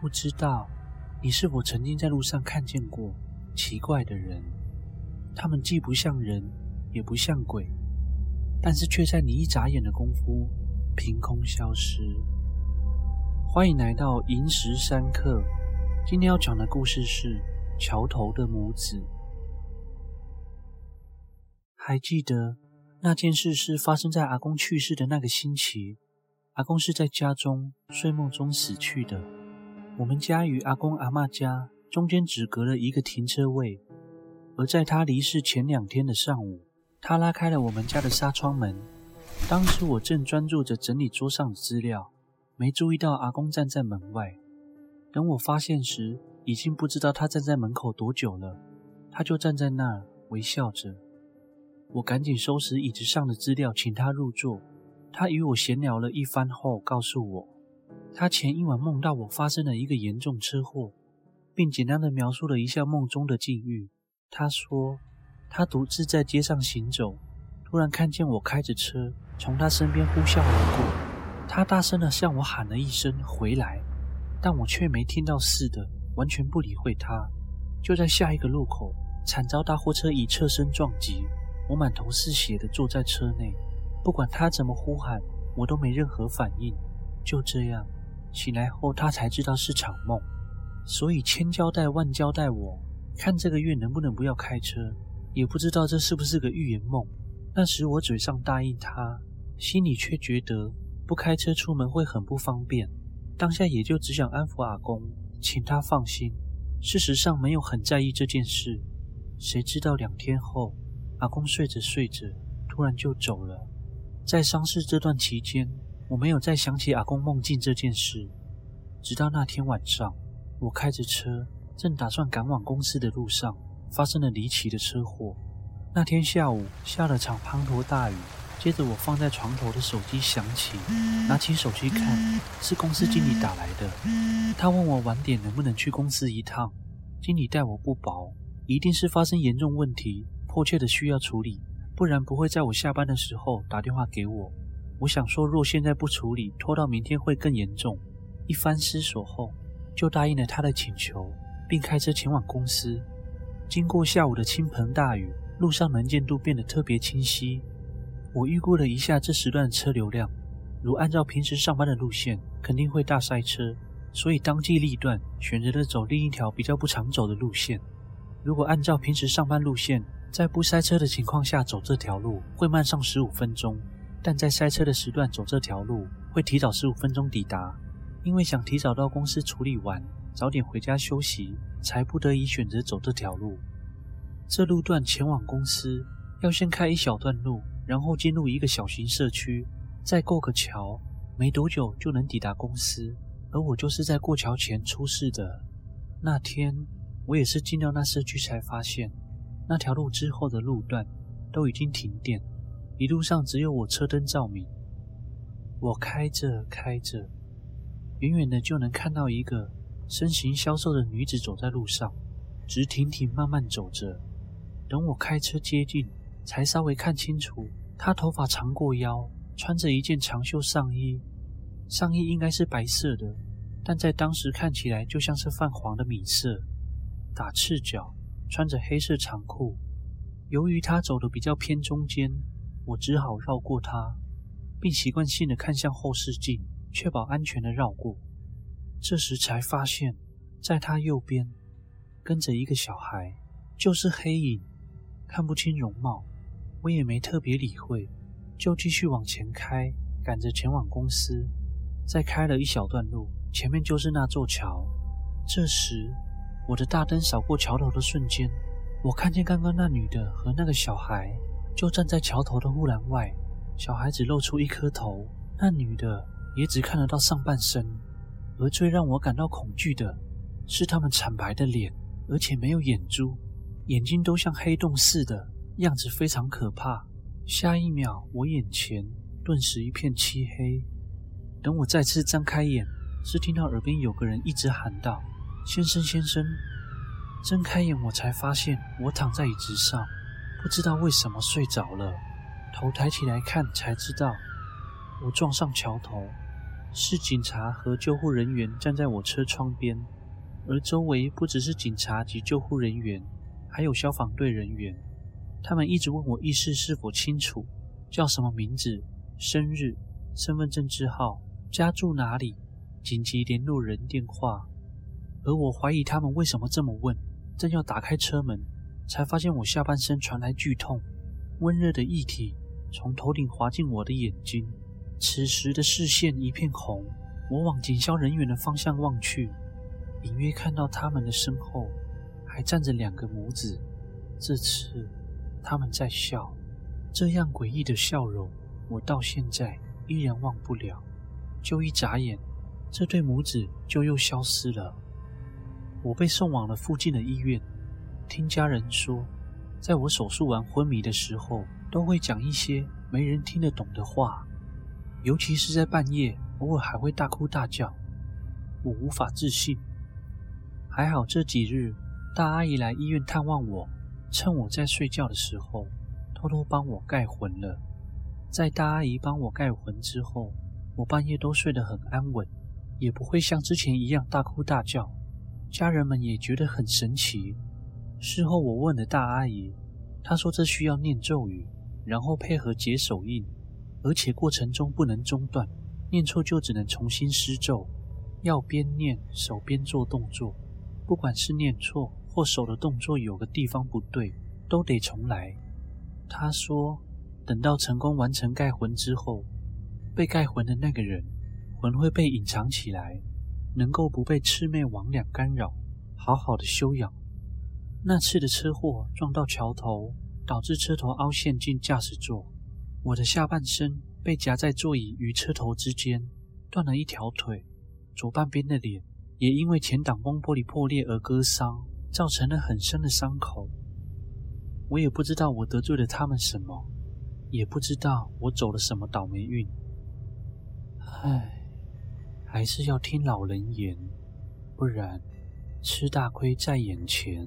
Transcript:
不知道你是否曾經在路上看見過奇怪的人？他們既不像人，也不像鬼，但是卻在你一眨眼的功夫憑空消失。歡迎來到《寅時三刻》，今天要講的故事是《橋頭的母子》。還記得那件事是發生在阿公去世的那個星期，阿公是在家中睡夢中死去的。我們家與阿公阿嬤家中間只隔了一個停車位，而在他離世前兩天的上午，他拉開了我們家的紗窗門。當時我正專注着整理桌上的資料，沒注意到阿公站在門外。等我發現時，已經不知道他站在門口多久了。他就站在那兒微笑着。我趕緊收拾椅子上的資料，請他入座。他與我閒聊了一番後，告訴我。他前一晚夢到我發生了一個嚴重車禍，並簡單的描述了一下夢中的境遇。他說，他獨自在街上行走，突然看見我開着車從他身邊呼嘯而過，他大聲的向我喊了一聲“回來”，但我卻沒聽到似的，完全不理會他。就在下一個路口，慘遭大貨車以側身撞擊，我滿頭是血的坐在車內，不管他怎麼呼喊，我都沒任何反應。就這樣。醒來後，他才知道是場夢，所以千交代萬交代我看這個月能不能不要開車，也不知道這是不是個預言夢。那時我嘴上答應他，心裡卻覺得不開車出門會很不方便。當下也就只想安撫阿公，請他放心。事實上沒有很在意這件事。誰知道兩天後，阿公睡着睡着突然就走了。在喪事這段期間，我沒有再想起阿公夢境這件事，直到那天晚上，我開着車，正打算趕往公司的路上，發生了離奇的車禍。那天下午下了場滂沱大雨，接着我放在床頭的手機響起，拿起手機看，是公司經理打來的。他問我晚點能不能去公司一趟。經理待我不薄，一定是發生嚴重問題，迫切的需要處理，不然不會在我下班的時候打電話給我。我想說，若現在不處理，拖到明天會更嚴重。一番思索後，就答應了他的請求，並開車前往公司。經過下午的傾盆大雨，路上能見度變得特別清晰。我預估了一下這時段的車流量，如按照平時上班的路線，肯定會大塞車，所以當機立斷，選擇了走另一條比較不常走的路線。如果按照平時上班路線，在不塞車的情況下走這條路，會慢上十五分鐘。但在塞車的時段走這條路會提早十五分鐘抵達，因為想提早到公司處理完，早點回家休息，才不得已選擇走這條路。這路段前往公司要先開一小段路，然後進入一個小型社區，再過個橋，沒多久就能抵達公司。而我就是在過橋前出事的。那天，我也是進到那社區才發現，那條路之後的路段都已經停電。一路上只有我車燈照明。我開着開着，遠遠的就能看到一個身形消瘦的女子走在路上，直挺挺慢慢走着。等我開車接近，才稍微看清楚，她頭髮長過腰，穿着一件長袖上衣，上衣應該是白色的，但在當時看起來就像是泛黃的米色。打赤腳，穿着黑色長褲。由於她走的比較偏中間。我只好繞過他，並習慣性地看向後視鏡，確保安全地繞過。這時才發現，在他右邊跟着一個小孩，就是黑影，看不清容貌，我也沒特別理會，就繼續往前開，趕着前往公司。再開了一小段路，前面就是那座橋。這時，我的大燈掃過橋頭的瞬間，我看見剛剛那女的和那個小孩。就站在橋頭的護欄外，小孩子露出一顆頭，那女的也只看得到上半身。而最讓我感到恐懼的是，他們慘白的臉，而且沒有眼珠，眼睛都像黑洞似的，樣子非常可怕。下一秒，我眼前頓時一片漆黑。等我再次睜開眼，是聽到耳邊有個人一直喊道：“先生，先生！”睜開眼，我才發現我躺在椅子上。不知道為什麼睡着了，頭抬起來看，才知道我撞上橋頭，是警察和救護人員站在我車窗邊，而周圍不只是警察及救護人員，還有消防隊人員，他們一直問我意識是否清楚，叫什麼名字、生日、身份證字號、家住哪裡、緊急聯絡人電話，而我懷疑他們為什麼這麼問，正要打開車門。才發現我下半身傳來劇痛，溫熱的液體從頭頂滑進我的眼睛，此時的視線一片紅。我往警消人員的方向望去，隱約看到他們的身後還站着兩個母子。這次他們在笑，這樣詭異的笑容，我到現在依然忘不了。就一眨眼，這對母子就又消失了。我被送往了附近的醫院。聽家人說，在我手術完昏迷的時候，都會講一些沒人聽得懂的話，尤其是在半夜，偶爾還會大哭大叫。我無法置信。還好這幾日，大阿姨來醫院探望我，趁我在睡覺的時候，偷偷幫我蓋魂了。在大阿姨幫我蓋魂之後，我半夜都睡得很安穩，也不會像之前一樣大哭大叫。家人們也覺得很神奇。事後我問了大阿姨，她說，這需要念咒語，然後配合解手印，而且過程中不能中斷，念錯就只能重新施咒，要邊念手邊做動作，不管是念錯或手的動作有個地方不對，都得重來。她說等到成功完成蓋魂之後，被蓋魂的那個人魂會被隱藏起來，能夠不被魑魅魍魉干擾，好好的修養。那次的車禍撞到橋頭，導致車頭凹陷進駕駛座，我的下半身被夾在座椅與車頭之間，斷了一條腿；左半邊的臉也因為前擋風玻璃破裂而割傷，造成了很深的傷口。我也不知道我得罪了他們什麼，也不知道我走了什麼倒霉運。唉，還是要聽老人言，不然吃大虧在眼前。